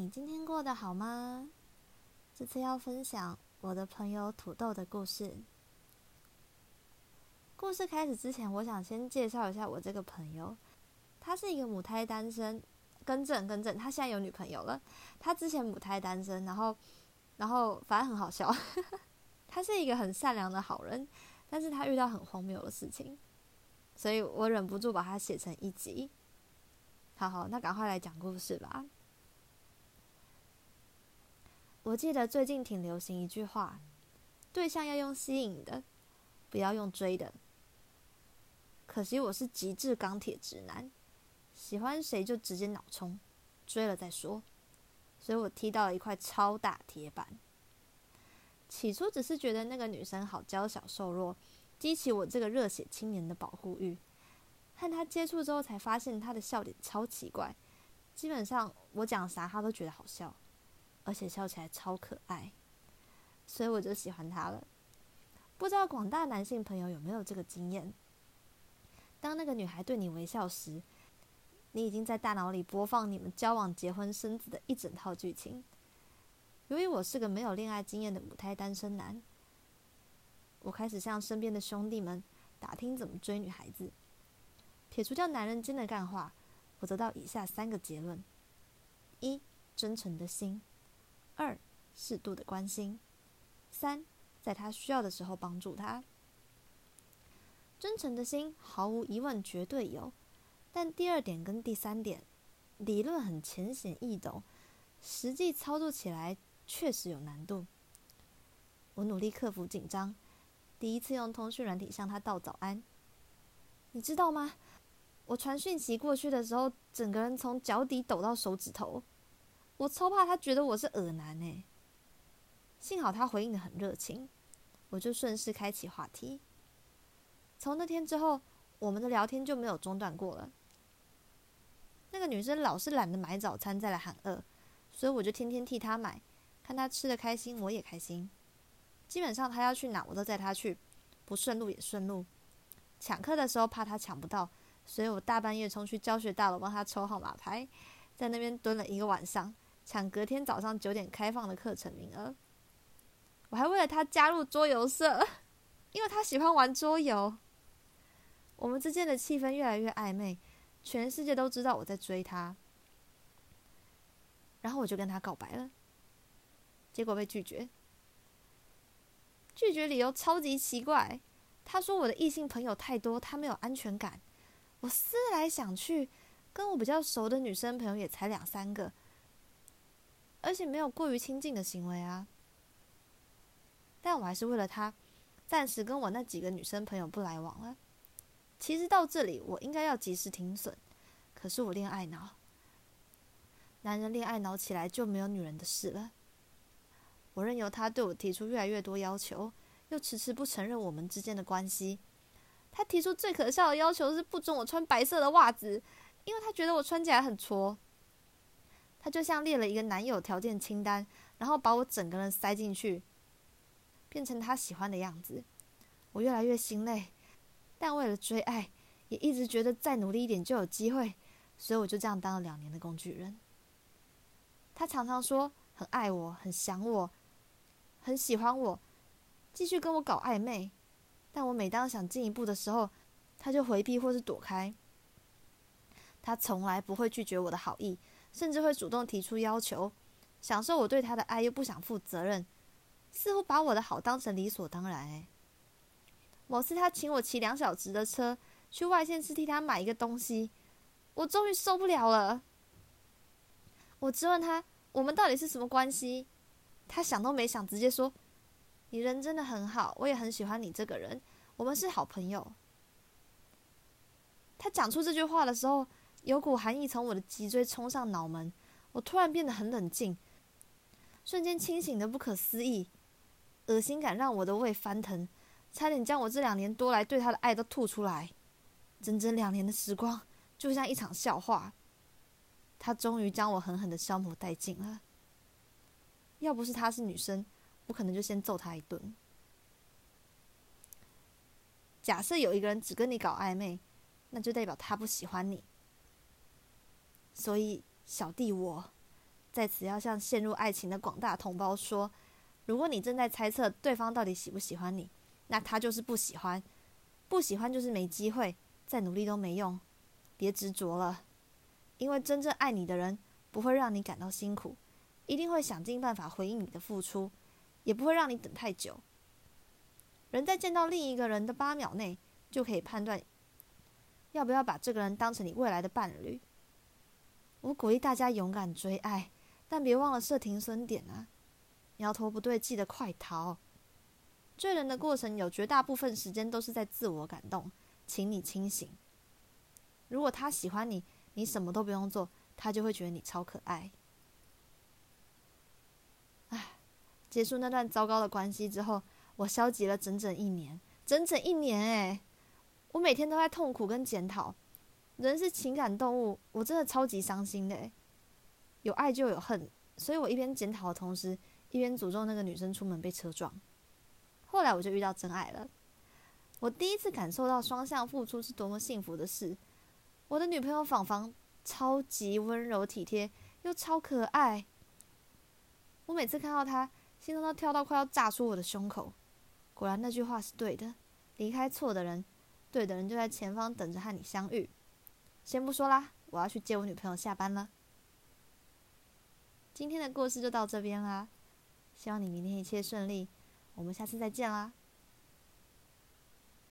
你今天過得好嗎？這次要分享我的朋友土豆的故事。故事開始之前，我想先介紹一下我這個朋友。他是一個母胎單身，更正更正，他現在有女朋友了。他之前母胎單身，然後，然後反正很好笑。 他是一個很善良的好人，但是他遇到很荒謬的事情，所以我忍不住把他寫成一集。好好，那趕快來講故事吧。我記得最近挺流行一句話，對象要用吸引的，不要用追的。可惜我是極致鋼鐵直男，喜歡誰就直接腦衝，追了再說。所以我踢到了一塊超大鐵板。起初只是覺得那個女生好嬌小瘦弱，激起我這個熱血青年的保護欲。和她接觸之後才發現她的笑點超奇怪，基本上我講啥她都覺得好笑。而且笑起來超可愛，所以我就喜歡他了。不知道廣大男性朋友有沒有這個經驗？當那個女孩對你微笑時，你已經在大腦裡播放你們交往、結婚、生子的一整套劇情。由於我是個沒有戀愛經驗的母胎單身男，我開始向身邊的兄弟們打聽怎麼追女孩子。撇除掉男人間的幹話，我得到以下三個結論：一、真誠的心。二，適度的關心；三，在他需要的時候幫助他。真誠的心，毫無疑問，絕對有。但第二點跟第三點，理論很淺顯易懂，實際操作起來確實有難度。我努力克服緊張，第一次用通訊軟體向他道早安。你知道嗎？我傳訊息過去的時候，整個人從腳底抖到手指頭。我超怕他覺得我是惡男誒，幸好他回應得很熱情，我就順勢開啟話題。從那天之後，我們的聊天就沒有中斷過了。那個女生老是懶得買早餐再來喊餓，所以我就天天替她買，看她吃得開心我也開心。基本上她要去哪我都帶她去，不順路也順路。搶課的時候怕她搶不到，所以我大半夜衝去教學大樓幫她抽號碼牌，在那邊蹲了一個晚上。搶隔天早上九點開放的課程名額，我還為了他加入桌遊社，因為他喜歡玩桌遊。我們之間的氣氛越來越曖昧，全世界都知道我在追他，然後我就跟他告白了，結果被拒絕。拒絕理由超級奇怪，他說我的異性朋友太多，他沒有安全感。我思來想去，跟我比較熟的女生朋友也才兩三個。而且沒有過於親近的行為啊，但我還是為了他，暫時跟我那幾個女生朋友不來往了。其實到這裡我應該要及時停損，可是我戀愛腦，男人戀愛腦起來就沒有女人的事了。我任由他對我提出越來越多要求，又遲遲不承認我們之間的關係。他提出最可笑的要求是不准我穿白色的襪子，因為他覺得我穿起來很挫。他就像列了一個男友條件清單，然後把我整個人塞進去，變成他喜歡的樣子。我越來越心累，但為了追愛，也一直覺得再努力一點就有機會，所以我就這樣當了兩年的工具人。他常常說很愛我、很想我、很喜歡我，繼續跟我搞曖昧。但我每當想進一步的時候，他就迴避或是躲開。他從來不會拒絕我的好意。甚至會主動提出要求，享受我對他的愛，又不想負責任，似乎把我的好當成理所當然、欸。誒，某次他請我騎兩小時的車去外縣市替他買一個東西，我終於受不了了。我質問他：“我們到底是什麼關係？”他想都沒想，直接說：“你人真的很好，我也很喜歡你這個人，我們是好朋友。”他講出這句話的時候。有股寒意從我的脊椎衝上腦門，我突然變得很冷靜，瞬間清醒得不可思議。惡心感讓我的胃翻騰，差點將我這兩年多來對他的愛都吐出來。整整兩年的時光，就像一場笑話。他終於將我狠狠的消磨殆盡了。要不是他是女生，我可能就先揍他一頓。假設有一個人只跟你搞曖昧，那就代表他不喜歡你。所以，小弟我在此要向陷入愛情的廣大同胞說：如果你正在猜測對方到底喜不喜歡你，那他就是不喜歡。不喜歡就是沒機會，再努力都沒用，別執着了。因為真正愛你的人不會讓你感到辛苦，一定會想盡辦法回應你的付出，也不會讓你等太久。人在見到另一個人的八秒內就可以判斷要不要把這個人當成你未來的伴侶。我鼓勵大家勇敢追愛，但別忘了設停損點啊！苗頭不對，記得快逃。追人的過程有絕大部分時間都是在自我感動，請你清醒。如果他喜歡你，你什麼都不用做，他就會覺得你超可愛。唉，結束那段糟糕的關係之後，我消極了整整一年，整整一年哎！我每天都在痛苦跟檢討。人是情感動物，我真的超級傷心的耶。有愛就有恨，所以我一邊檢討的同時，一邊詛咒那個女生出門被車撞。後來我就遇到真愛了，我第一次感受到雙向付出是多麼幸福的事。我的女朋友芳芳超級溫柔體貼，又超可愛。我每次看到她，心臟都跳到快要炸出我的胸口。果然那句話是對的，離開錯的人，對的人就在前方等着和你相遇。先不說啦，我要去接我女朋友下班了。今天的故事就到這邊啦，希望你明天一切順利，我們下次再見啦。